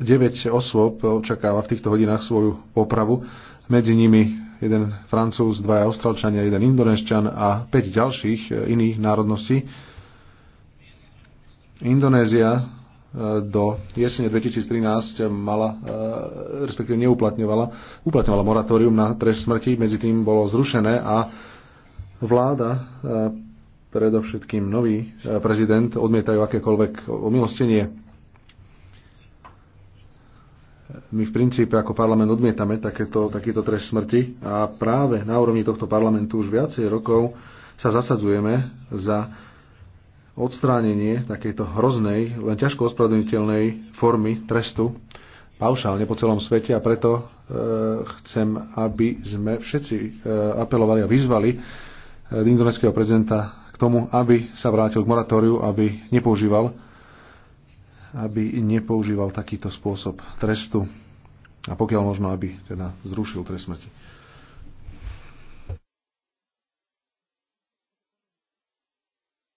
9 osôb očakáva v týchto hodinách svoju popravu. Medzi nimi jeden Francúz, dvaja Austrálčania, jeden Indonésčan a 5 ďalších e, iných národností. Indonézia e, do jesene 2013 mala, e, respektíve neuplatňovala, uplatňovala moratórium na trest smrti, medzi tým bolo zrušené a vláda, predovšetkým nový prezident, odmietajú akékoľvek omilostenie my v princípe ako parlament odmietame takéto, takýto trest smrti a práve na úrovni tohto parlamentu už viacej rokov sa zasadzujeme za odstránenie takejto hroznej, len ťažko ospravedlniteľnej formy trestu paušálne po celom svete a preto e, chcem, aby sme všetci e, apelovali a vyzvali e, indonéského prezidenta k tomu, aby sa vrátil k moratóriu, aby nepoužíval aby nepoužíval takýto spôsob trestu a pokiaľ možno, aby teda zrušil trest smrti.